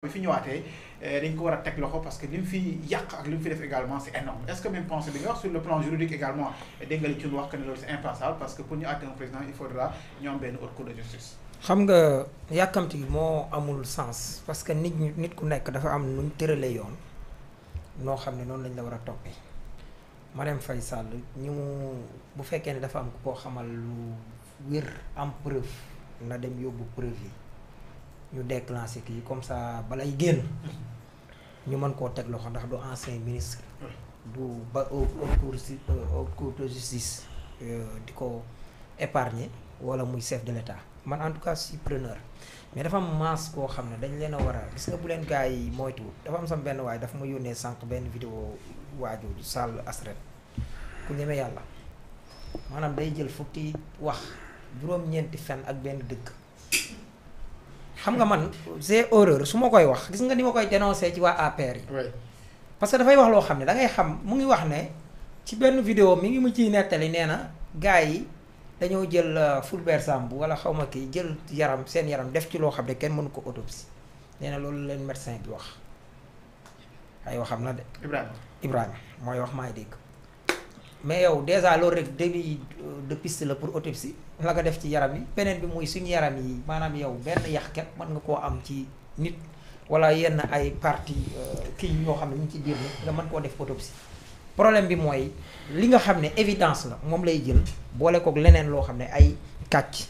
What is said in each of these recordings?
bi fi ñëwaatee eh, dañ ko war a teg loxo parce que li mu fi yàq ak li fi def également c'est énorme est-ce que même pensée bi nga wax sur le plan juridique également dégg nga li ci wax que loolu c'est impensable parce que pour ñu àtte benn haute cour de justice. xam nga yàkkamti moo amul sens parce que nit ñi nit ku nekk dafa am nu ñu tëralee yoon noo xam ne noonu lañ la war a toppee Marème Faye Sall ñu bu fekkee ne dafa am koo xamal lu wér am preuve na dem yóbbu preuve yi. ñu déclenché kii comme ça balay génn ñu mën koo teg loxo ndax du ancien ministre du ba au cour au cour euh, justice euh, di ko épargner wala muy chef de l'état man en tout cas je preneur mais dafa am masse koo xam ne dañ leen a war a gis nga bu leen gars yi moytu dafa am sam benn waay dafa ma yónnee sànq benn vidéo waaju sàll asret ku ñeme yàlla maanaam day jël fukki wax juróom-ñeenti fen ak benn dëkk xam nga man j'ai horreur su ma koy wax gis nga ni ma koy dénoncé ci waa APR yi. parce que dafay wax loo xam ne da ngay xam mu ngi wax ne ci benn vidéo mi ngi mu ciy nettali nee na gars yi dañoo jël euh, Fulbert Sambou wala xaw ma kii jël yaram seen yaram def ci loo xam ne kenn mënu ko autopsie nee loolu leen médecin bi wax ay waxam na de. Ibrahima Ibrahima mooy wax maay dégg mais yow déjà loolu rek début euh, de piste la pour autopsie. la ko def ci yaram yi beneen bi mooy suñu yaram maanaam yow benn yax ket mën nga koo am ci nit wala yenn ay partie euh, kii ñoo xam ne ñu ci biir nit nga mën koo def autopsie problème bi mooy li nga xam ne évidence la moom lay jël boole kook leneen loo xam ne ay kàcc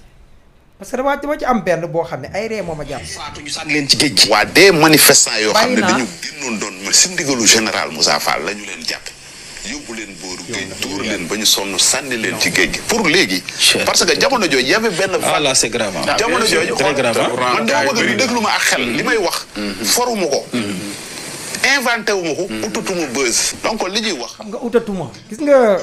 parce que dama dama ci am benn boo xam ne ay ree moom a jàpp. faatu ñu sànni leen ci géej gi. waa des manifestants yoo xam ne dañu génnoon doon si ndigalu général Moussa Fall la ñu leen jàpp. yóbbu leen booru géej tuur leen ba ñu sonn sànni leen ci géej gi pour léegi parce que jamono jooju y avait benn ah là c'est grave jamono jooju man dama bëgg ñu déglu ma ak xel li may wax mm-hmm. foruma ko mm-hmm. inventé wu ma ko mm-hmm. utatuma buzz donc li ñuy wax xam nga utatuma gis nga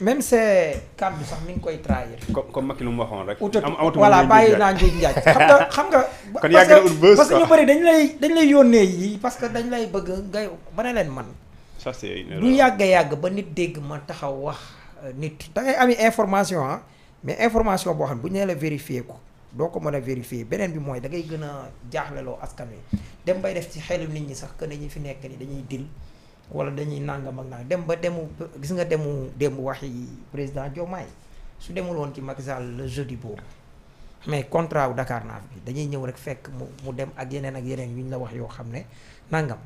même c'est kàddu sax mi ngi koy trahir comme Macky lu mu waxoon rek utatu voilà bàyyi naa njuuj njaaj xam nga xam nga kon yàgg ut buzz parce que ñu bëri dañ lay dañ lay yónnee yi parce que dañ lay bëgg ngay ma ne man ça c'est yàgg a yàgg ba nit dégg ma taxaw wax euh, nit da ngay ami information ah, mais information boo xam ne bu ñu nee la vérifier ko doo ko mën a vérifier beneen bi mooy da ngay gën a jaaxleloo askan wi dem bay def ci xelu nit ñi sax que ne ñi fi nekk nii dañuy dil wala dañuy nangam ak nangam dem ba demu gis nga demu démb waxi président Diomaye su demuloon ci Macky Sall le jeudi boobu mais contrat wu Dakar naaf bi dañuy ñëw rek fekk mu mu dem ak yeneen ak yeneen yu ñu la wax yoo xam ne nangam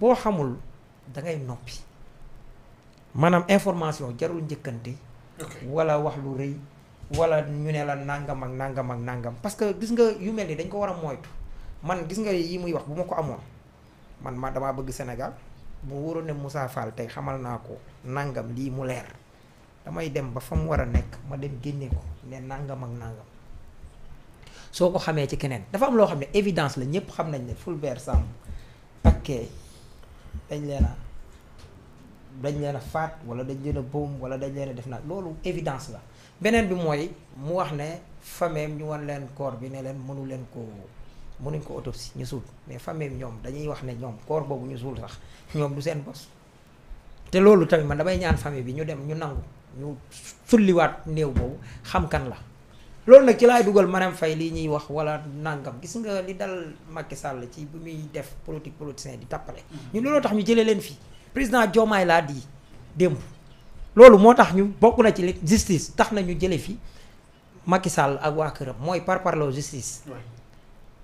boo xamul. da ngay noppi maanaam information jarul njëkkante. wala wax lu rëy. wala ñu ne la nangam ak nangam ak nangam parce que gis nga yu mel ni dañ ko war a moytu man gis nga yi muy wax bu ma ko amoon man ma damaa bëgg Sénégal mu wóoroon ne Moussa Fall tey xamal naa ko nangam lii mu leer damay dem ba fa mu war a nekk ma dem génne ko ne nangam ak nangam soo ko xamee ci keneen dafa am loo xam ne évidence la ñëpp xam nañ ne Fulbert Samb ak dañ leen a dañ leen a faat wala dañ leen a boom wala dañ leen a def nag loolu évidence la beneen bi mooy mu wax ne fameem ñu wan leen corps bi ne leen mënu leen ko mënuñ ko autopsie ñu suul mais fameem ñoom dañuy wax ne ñoom corps boobu ñu suul sax ñoom du seen bos te loolu tamit man damay ñaan famille bi ñu dem ñu nangu ñu fulliwaat néew boobu xam kan la loolu nag ci laay dugal Marème fay lii ñuy wax wala nangam gis nga li dal Macky sàll ci bu muy def politique politicien di tappale mm-hmm. ñu looloo tax ñu jëlee leen fii président joomaay laa di démb loolu moo tax ñu bokk na ci li justice tax na ñu jëlee fii Macky sàll ak waa këram mooy par parlo justice.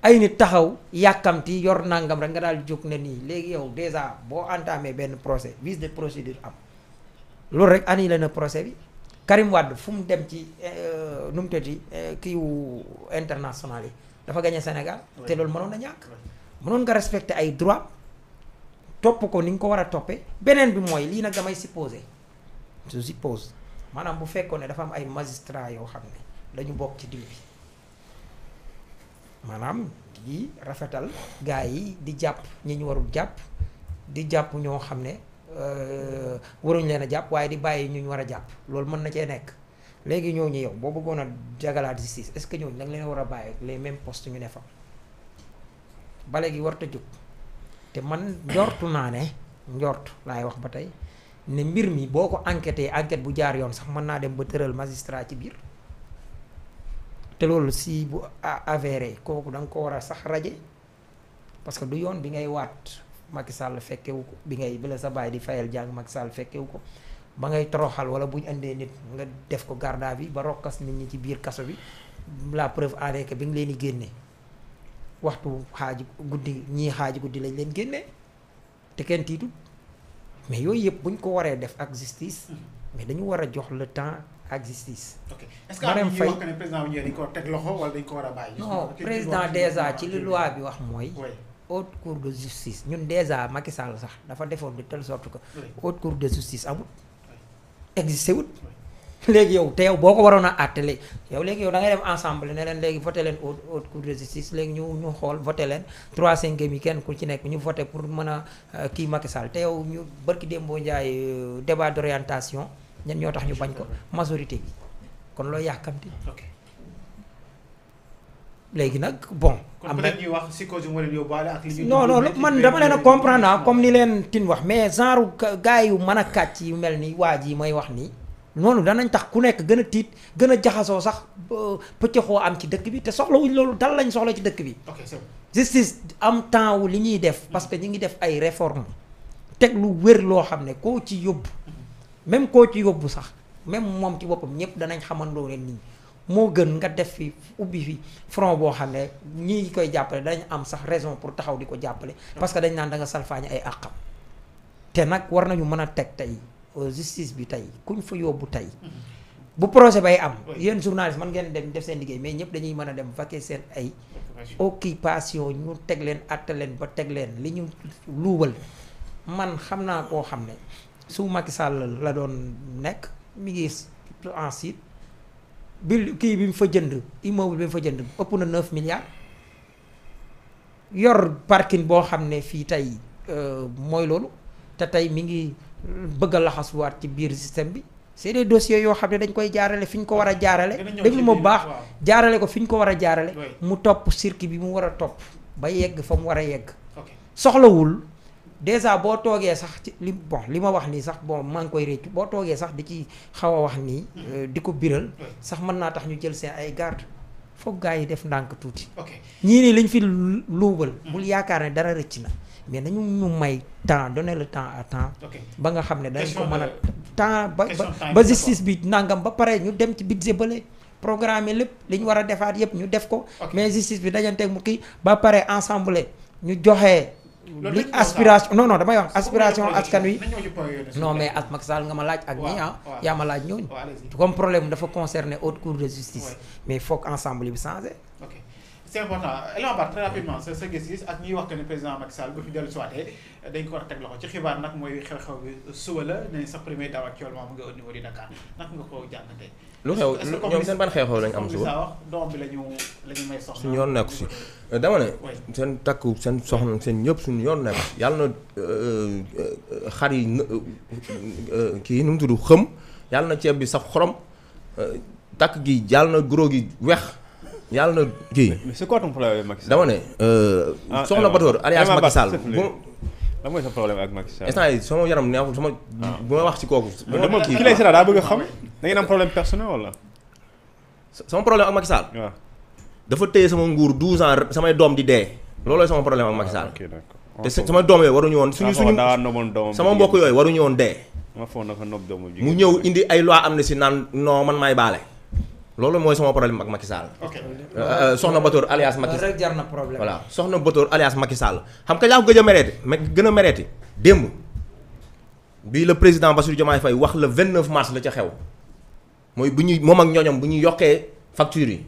ay nit taxaw yàkkamti yor nangam rek nga daal jóg na nii léegi yow dèjà boo entamé benn procès vice de procédure am loolu rek annulé na procès bi. Karim Wade fu mu dem ci euh, nu mu tëddi euh, kii wu international yi dafa gagné Sénégal te loolu mënoon na ñàkk mënoon nga respecté ay droit topp ko ni nga ko war a toppee beneen bi mooy lii nag damay supposé je suppose maanaam bu fekkoon ne dafa am ay magistrat yoo xam ne dañu bokk ci dil bi maanaam di rafetal gars yi di jàpp ñi ñu warul jàpp di jàpp ñoo xam ne Euh, waruñ leen a jàpp waaye di bàyyi ñu ñu war a jàpp loolu mën na cee nekk léegi ñoo ñooñu yow boo bëggoon a jagalaat justice est-ce que ñooñu da nga leen war a bàyyi les mêmes postes ñu ne fa bale gi warut jóg te man njortu naa ne njort laay wax ba tey ne mbir mi boo ko enquêté enquête bu jaar yoon sax mën naa dem ba tëral magistrat ci biir te loolu si bu avéré kooku danga ko war a sax raje parce du yoon bi ngay waat. Macky Sall fekkewu ko bi ngay bi sa baay di fayal jàng Macky Sall fekkewu ko ba ngay toroxal wala bu ñu indee nit nga def ko gardaa bi ba rokkas nit ñi ci biir kaso bi la preuve avec que bi nga leen di génne waxtu xaaji guddi ñii guddi lañ leen génne te kenn tiitu mais yooyu yëpp buñ ko waree def ak justice mais dañu war a jox le temps ak justice. ok est-ce que am na ñuy wax ne président dañ ko loxo wala ko war a bàyyi. non président ci li loi bi wax mooy. haute cour de justice ñun déjà Macky Sall sax dafa defoon de telle sorte que haute cour de justice amul existé wut léegi yow te yow boo ko waroon a àtte léegi yow léegi yow da ngay dem ensemble ne leen léegi voté leen haute haute cour de justice léegi ñu ñu xool voté leen trois cinquième yi kenn ku ci nekk ñu voté pour mën a euh, kii Macky Sall te yow ñu barki démboo Ndiaye euh, débat d' orientation ñen ñoo tax ñu bañ ko majorité bi kon loo yàkkamti léegi nag bon. am na ñuy wax psychose moo leen yóbbaale ak li non non man dama leen a comprendre ah comme ni leen tin wax mais genre gars yu mën a kàcc yu mel ni waa ji may wax nii. noonu danañ tax ku nekk gën a tiit gën a jaxasoo sax pëccëxoo am ci dëkk bi te soxlawuñ loolu dal lañ soxla ci dëkk bi. ok justice am temps li ñuy def. parce que ñu ngi def ay réforme teg lu wér loo xam ne koo ci yóbbu. même koo ci yóbbu sax même moom ci boppam ñëpp danañ xamandoo ne nii. moo gën nga def fi ubbi fi front boo xam ne ñi koy jàppale dañ am sax raison pour taxaw di ko jàppale parce que dañ naan danga nga salfaañi ay àqam te nag war nañu mën a teg tey euh, justice bi tey kuñ fa yóbbu tey bu projet bay am yéen journaliste man ngeen dem def seen liggéey mais ñëpp dañuy mën a dem vaquer seen ay occupation ñu teg leen atte leen ba teg leen li ñu luubal man xam naa koo xam ne su Macky Sall la doon nekk mi ngi en site bil kii bi mu fa jënd immeuble bi mu fa jënd ëpp na 9 milliards yor parking boo xam ne fii tey euh, mooy loolu te tey mi ngi euh, bëgg a laxasuwaat ci biir système bi c'est des dossiers yoo xam ne dañ koy jaarale fi ñu ko war a jaarale déglu ma baax jaarale ko fi ñu ko war a jaarale mu topp circuit bi mu war a topp ba yegg fa mu war a yegg soxlawul déjà boo toogee sax ci li bon li ma wax nii sax bon maa ngi koy réccu boo toogee sax di ci xaw a wax nii. Hmm. Euh, di ko biral sax mën naa tax ñu jël seen ay garde foog gars yi def ndànk tuuti. ñii nii liñ fi luubal. Hmm. bul yaakaar ne dara rëcc na. mais nañu ñu may temps donner le temps à temps. ba nga xam ne dañ ko mën a. temps ba ba justice bi nangam ba pare ñu dem ci budget bële. programme lépp li ñu war a defaat yëpp ñu def ko. mais justice bi dajanteeg mu kii ba pare ensemble ñu joxe. li aspiration non non damay wax aspiration askan wi non mais as Macky Sall nga ma laaj ak ñi ah, yaa ma laaj ñooñu comme problème dafa concerner haute cour de justice mais foog ensemble bi changé c' est important Eliman Ba très sa gis-gis ak ñuy wax que ne président Macky Sall bu fi dellu siwaatee dañ ko war a teg loxo ci xibaar nag mooy xew-xew bi suba la ne sa premier daaw actuellement mu ngi au niveau du Dakar naka nga ko jàngatee. lu xew ñoom seen ban xew-xew lañ am suba wax doom bi lañu lañu may soxna. suñu yoon nekk si dama ne. seen takku seen soxna seen ñëpp suñu yoon nekk si yàlla na euh, euh, xar yi euh, kii nu mu tudd xëm yàlla na ceeb bi saf xorom takk gi yàlla na goro gi weex. yàlla na kii. mais c'est quoi ton problème dama ne. Euh, ah, soxna Batoor alias Macky Sall lan mooy sa ak Macky Sall instant yii sama yaram sama. Ah. bu ma wax ci kooku. dama xam. Ah da am problème personnel wala. sama problème ak Macky Sall. dafa téye sama nguur 12 ans sama doom di dee. loolooy sama problème ak Macky Sall. te sama doom yooyu waruñu woon. suñu suñu sama mbokk yooyu waruñu woon dee. ma foog na ko nob doomam mu ñëw indi ay loi am na si naan non man maay baale. loolu mooy sama problème ak Macky Sall. Euh, euh, soxna Batoor alias Macky Sall rek na problème. voilà soxna Batoor alias Macky Sall xam nga laa ko gëj a mereeti mais gën a mereeti démb bii le président Bassirou Diomaye fay wax le 29 mars la ca xew mooy bu ñuy moom ak ñooñam bu ñu yokkee facture yi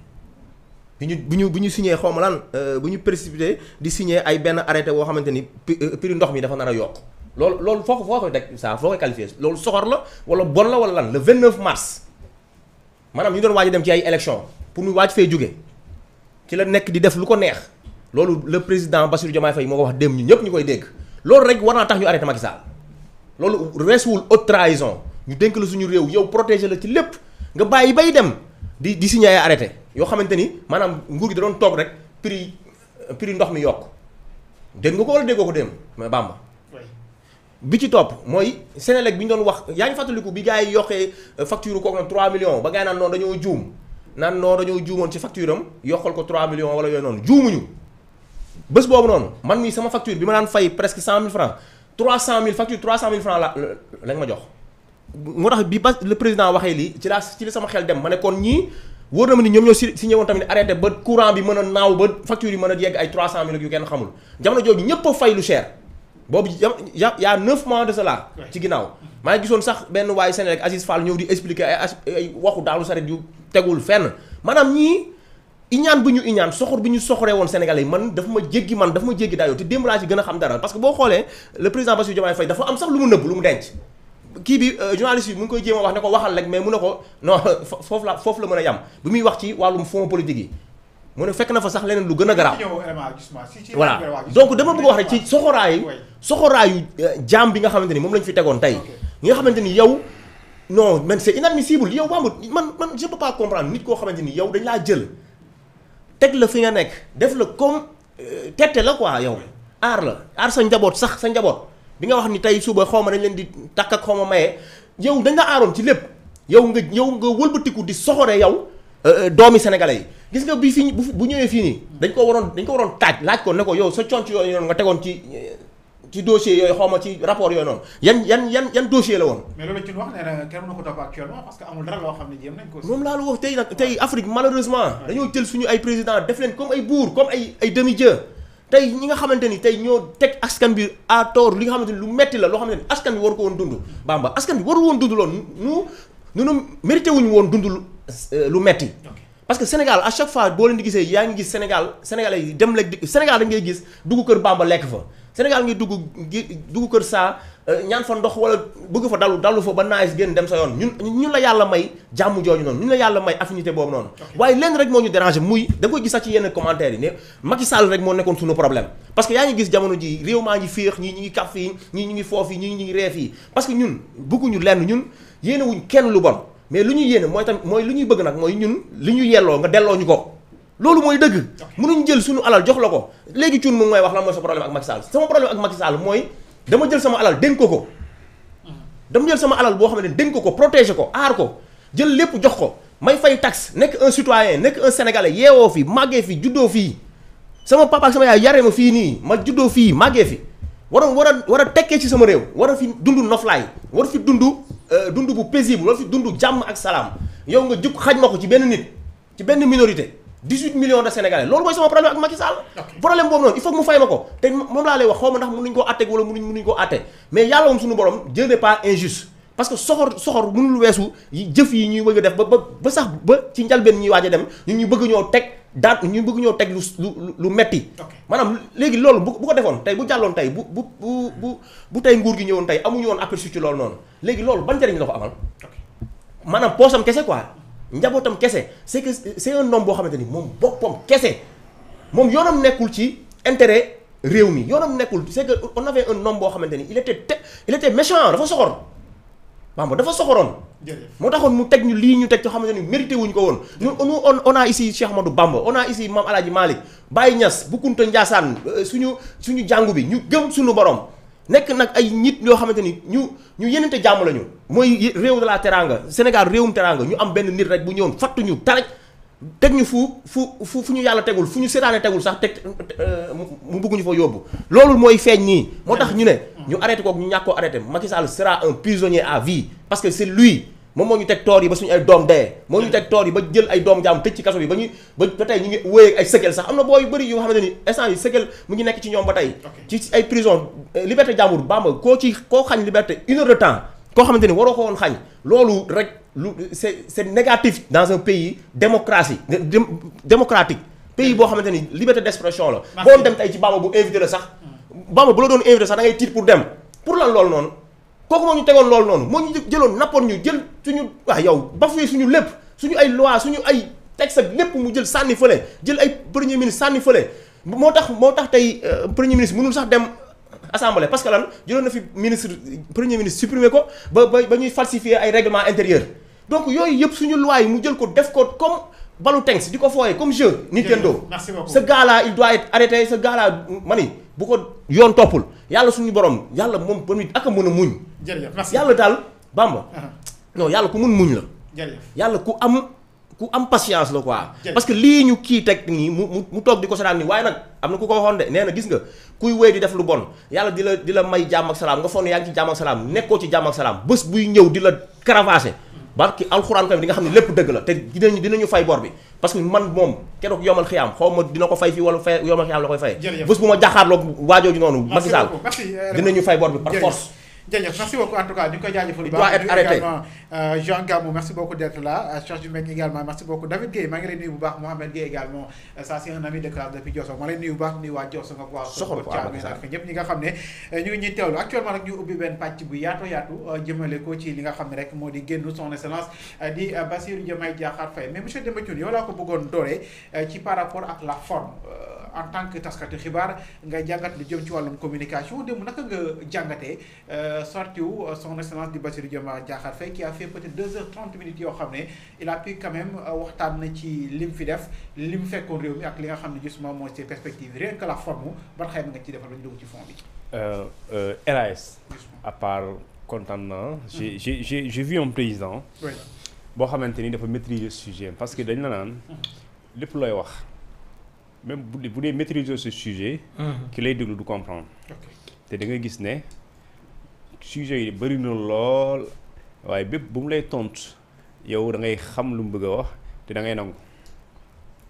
bu ñu bu ñu bu ñu signé xaw ma lan euh, bu ñu précipité di signé ay benn arrêté boo xamante ni prix ndox mi dafa nar a yokk loolu loolu foo ko foo ko teg saa foo koy qualifié loolu soxor la wala bon la wala lan le 29 mars. maanaam ñu doon waaj dem ci ay élection pour mu waaj fee jóge ci la nekk di def lu ko neex loolu le président Bassirou Diomaye Faye moo ko wax démb ñu ñëpp ñu koy dégg loolu rek war naa tax ñu arrêté Macky loolu weesuwul haute trahison ñu dénk la suñu réew yow protéger la ci lépp nga bàyyi bay dem di di signé ay arrêté yoo xamante ni maanaam nguur gi da doon toog rek prix prix ndox mi yokk dégg nga ko wala déggoo ko démb mais Bamba bi ci topp mooy Sénélec bi ñu doon wax yaa ngi fàttaliku bi gars yi yokkee euh, facture kooku noonu 3 millions ba gars yi naan noonu dañoo juum naan noonu dañoo juumoon ci facture am yokkal ko 3 millions wala yooyu noonu juumuñu bés boobu noonu man mii sama facture bi ma daan fay presque 100000 francs 300000 facture 300000 francs la lañ ma jox. moo tax bi ba le président waxee li ci laa ci la sama xel dem ma nekkoon kon ñii wóor na ma ni ñoom ñoo si signé woon tamit arrêté ba courant bi mën a naaw ba facture yi mën a yegg ay 300000 ak yu kenn xamul jamono jooju ñëpp fay lu cher. boobu ya y' a neuf mois de cela. ci ginnaaw maa ngi gisoon sax benn waayu Sénégal ak Aziz Fall ñëw di expliquer ay ay waxu daalu saret yu tegul fenn maanaam ñii iñaan bi ñu iñaan soxor bi ñu soxoree woon Sénégalais yi man dafa ma jéggi man dafa ma jéggi daayoo te démb laa ci gën a xam dara parce que boo xoolee le président Bassirou Diomaye Faye dafa am sax lu mu nëbb lu mu denc. kii bi journaliste bi mu ngi koy jéem a wax ne ko waxal rek mais mu ne ko foofu la foofu la mën a yam bi muy wax ci wàllum fonds politique yi mu ne fekk na fa sax leneen lu gën a garaaw voilà donc dama bëgg wax rek ci soxoraayu soxoraayu euh, jaam bi nga xamante ni moom lañ fi tegoon tey nga xamante ni yow non man c'est inadmissible yow bambu man man je peux pas comprendre nit koo xamante ni dañ laa jël teg la fi nga nekk def la comme euh, tette la quoi yow aar la aar sa njaboot sax sa njaboot bi nga wax ni tey suba xaw ma dañ leen di takk ak xaw ma maye yow dañ aaroon ci lépp yow nga yow nga wëlbatiku di soxore yow Euh, euh, doomi sénégalais yi gis nga bii fii bu ñëwee fii nii dañ ko waroon dañ ko waroon taaj laaj ko ne ko yow sa conc yooyu noonu nga tegoon ci euh, ci dossier yooyu xaw ma ci rapport yooyu noonu yan yan yan yan dossier la woon. mais loolu wax nee na kenn mënu ko topp actuellement parce xam ne jéem nañ ko. moom laa la wax tey nag suñu ay président def leen comme ay buur comme ay ay demi-dieu. tey ñi nga xamante ni tey ñoo teg askan bi à tort li nga xamante ni lu metti la loo xamante ni askan bi waru ko woon dund. Bamba askan bi waru woon dund loolu nu nu mérité wuñu woon dund Euh, lu metti parce que Sénégal à chaque fois boo leen di gisee yaa ngi gis Sénégal Sénégalais yi dem lekk di Sénégal da ngay gis dugg kër Bamba lekk fa Sénégal ngi dugg dugg kër saa euh, ñaan fa ndox wala bëgg fa dalu dalu fa ba naagis génn dem sa yoon ñun ñun la yàlla may jàmm jooju noonu ñun la yàlla may affinité boobu noonu waaye lenn rek moo ñu dérangé muy da koy gis sax ci yenn commentaire yi ne Macky Sall rek moo nekkoon suñu problème parce que yaa ngi gis jamono ji réew maa ngi féex ñii ñi ngi kaf fii ñii ñi ngi foof yi ñii ñi ngi reef yi parce que ñun bëgguñu kenn lu bon mais lu ñuy yéene mooy tamit mooy lu ñuy bëgg nag mooy ñun li ñu yelloo nga delloo ñu ko loolu mooy dëgg mënuñ jël suñu alal jox la ko léegi cuun moom mooy wax la mooy sa problème ak Macky Sall sama problème ak Macky mooy dama jël sama alal dénk ko ko hmm. dama jël sama alal boo xam ne dénk ko ko protéger ko aar ko jël lépp jox ko may fay taxe nekk un citoyen nekk un sénégalais yeewoo fi màggee fi juddoo fii sama papa sama yaay yaree ma fii nii ma juddoo fii màggee fi waroon war a war a tekkee ci sama réew war a fi dund noflaay war fi dund euh, dund bu paisible war fi dund jàmm ak salaam yow nga jukk xaj ma ko ci benn nit ci benn minorité 18 millions de sénégalais loolu mooy sama problème ak Macky Sall problème boobu noonu il faut mu fay ma ko te moom laa lay wax xaw ma ndax mënuñ koo àtte wala mënuñ mënuñ koo àtte mais yàlla moom suñu borom Dieu n'est pas injuste parce que soxor soxor mënul weesu jëf yi ñuy bëgg def ba ba ba sax ba ci njalbeen ñi waaj a dem ñu ñu bëgg ñoo teg daan ñu bëgg ñoo teg lu lu lu metti maanaam léegi loolu bu ko defoon tey bu jàlloon tey bu bu bu bu bu tey nguur gi ñëwoon tey amuñu woon appui ci loolu noonu léegi loolu ban njëriñ la ko amal maanaam poosam kese quoi njabootam kese c'est que c'est un homme boo xamante ni moom boppam kese moom yoonam nekkul ci intérêt réew mi yoonam nekkul c'est que on avait boo xamante ni il était il était méchant dafa soxor Bamba dafa soxoroon. moo taxoon mu teg ñu lii ñu teg ci xamante ni mérité wuñ ko woon. ñun on on a ici Cheikh Ahmadou Bamba on a ici Mame El Hadj Malick Baye Niass Boukounta Ndiassane euh, suñu suñu jàngu bi ñu gëm suñu borom. nekk nag ay nit yoo xamante ni ñu ñu yenente jàmm la ñu mooy réew de la teranga Sénégal réewum teranga ñu am benn nit rek bu ñëwoon fattuñu ñu taraj teg ñu fu fu fu ñu yàlla tegul fu ñu seetaane tegul sax teg euh, mu bugg ñu fa yóbbu loolu mooy feeñ nii moo tax ñu ne ñu arrêté ko ñu ñàkk koo arrêté Macky Sall sera un prisonnier à vie parce que c'est lui moom moo ñu teg toor yi ba suñu ay doom dee moo ñu teg toor yi ba jël ay doom jaam tëj ci kaso bi ba ñu ba tey ñu ngi wéyee ay séquelles sax am na boo yu bëri yu xamante ni instant yi séquelles mu ngi nekk ci ñoom ba tey ci ay prison euh, liberté jàmbur Bamba koo ci koo xañ liberté une heure temps koo xamante ni waroo ko woon xañ loolu rek lu c'est c'est négatif dans un pays démocratie sax hmm. Bamba bu la doon invité sax da ngay tiit pour dem pour lan loolu noonu kooku moo ñu tegoon loolu noonu moo ñu jëloon nappoon ñu jël suñu waa yow su ñu lépp suñu ay loi suñu ay teg ak lépp mu jël sànni fële jël ay premier ministre sànni fële moo tax moo tax tey euh, premier ministre mënul sax dem assemblée parce que lan jëloo na fi ministre premier ministre supprimer ko ba ba ba ñuy falsifier ay règlement intérieur donc yooyu yëpp suñu loi yi mu jël ko def ko comme balu tenks di ko fooyee comme jeu Nintendo ce gars là il doit être arrêté ce bu ko yoon toppul yàlla suñu borom yàlla moom ba nit ak a mën a muñ. jërëjëf merci yàlla daal bàmba. Uh-huh. non yàlla ku mun muñ la. jërëjëf yàlla ku am ku am patience la quoi. parce que lii ñu kii teg nii mu mu mu toog di ko saraan nii waaye nag am na ku ko waxoon de nee na gis nga kuy wéy di def lu bon yàlla di la di la may jàmm ak salaam nga foog ne yaa ngi ci jàmm ak salaam nekkoo ci jàmm ak salaam bés buy ñëw di la caravasser barki alxuraan tamit di nga xam ne lépp dëgg la te dinañu dinañu fay bor bi parce que man moom keroog yomal xiyaam xaw ma dina ko fay fii wala fay yomal xiyaam la koy fayee bés bu ma jaxaarloog waajooju noonu Macky Sall euh, dinañu fay bor bi par force jërëjëf merci beaucoup en tout cas ñu ngi koy jaajëfal. doit être arrêté bu baax également euh, Jean Gamou merci beaucoup d'être là euh, Cheikh Jumeng également merci beaucoup David Guèye maa ngi lay nuyu bu baax Mohamed Guèye également euh, ça c'est ami de classe depuis Diosso maa lay nuyu bu baax nuyu waa Diosso nga waa soxol ak ñëpp ñi nga xam ne ñu ngi ñuy teewlu actuellement nag ñu ubbi benn pàcc bu yaatu yaatu jëmale ko ci li nga xam ne rek moo di génn son excellence di Bassirou Diomaye Diakhar Faye mais monsieur Demba Thioune yow par rapport ak la forme en tant que taskati xibaar ngay jàngat lu jëm ci wàllum communication démb naka nga jàngatee euh, sorti wu euh, son excellence di Bassirou Diomaye Diakhar Faye qui a fait peut-être deux heures trente minutes yoo xam ne il a pu quand même euh, waxtaan na ci lim fi def lim fekkoon réew mi ak li nga xam ne justement mooy ses perspectives rien que la forme ban xayma nga ci defal ba ñu dugg ci fond bi. RAS. à part kontaan na. Mm-hmm. j'ai j'ai j'ai j'ai président. boo xamante ni dafa maîtriser sujet parce que dañ la naan mm-hmm. lépp looy wax. même bu bu dee maîtriser ce sujet. Mhm. ki lay déglu du comprendre. te da nga gis ne sujet yi bëri na lool waaye bépp bu mu lay tontu yow da ngay xam lu mu bëgg a wax te da ngay nangu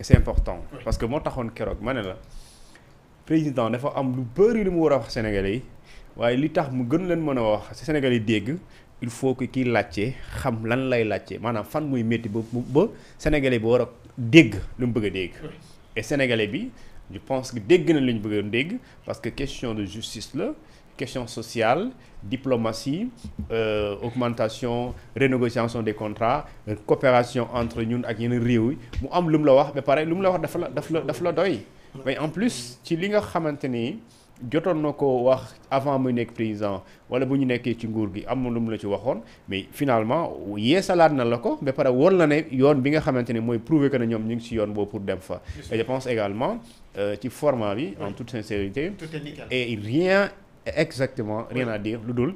c'est important. parce que moo taxoon keroog ma ne la président dafa am lu bëri lu mu war a wax Sénégalais yi waaye li tax mu gën leen mën a wax si Sénégalais yi dégg. il faut que kiy laajte xam lan lay laajte maanaam fan muy métti ba ba Sénégalais bi war a dégg lu mu bëgg a dégg. et sénégalais bi je pense que dégg na li ñu bëgg a dégg parce que question de justice la question sociale diplomatie euh, augmentation renégociation des contrat coopération entre ñun ak yeneen réew yi mu am lu mu la wax ba pare lu mu la wax dafa la daf la daf la doy mais en plus ci li nga xamante ni jotoon na ko wax avant muy nekk président wala bu ñu nekkee ci nguur gi am na lu mu la ci waxoon mais finalement yeesalaat na la ko ba pare woon la ne yoon bi nga xamante ne mooy prouver que ne ñoom ñu ngi ci yoon boobu pour dem fa. et je pense également euh, ci format bi. en toute sincérité. tout est nickel et rien exactement rien à dire lu dul.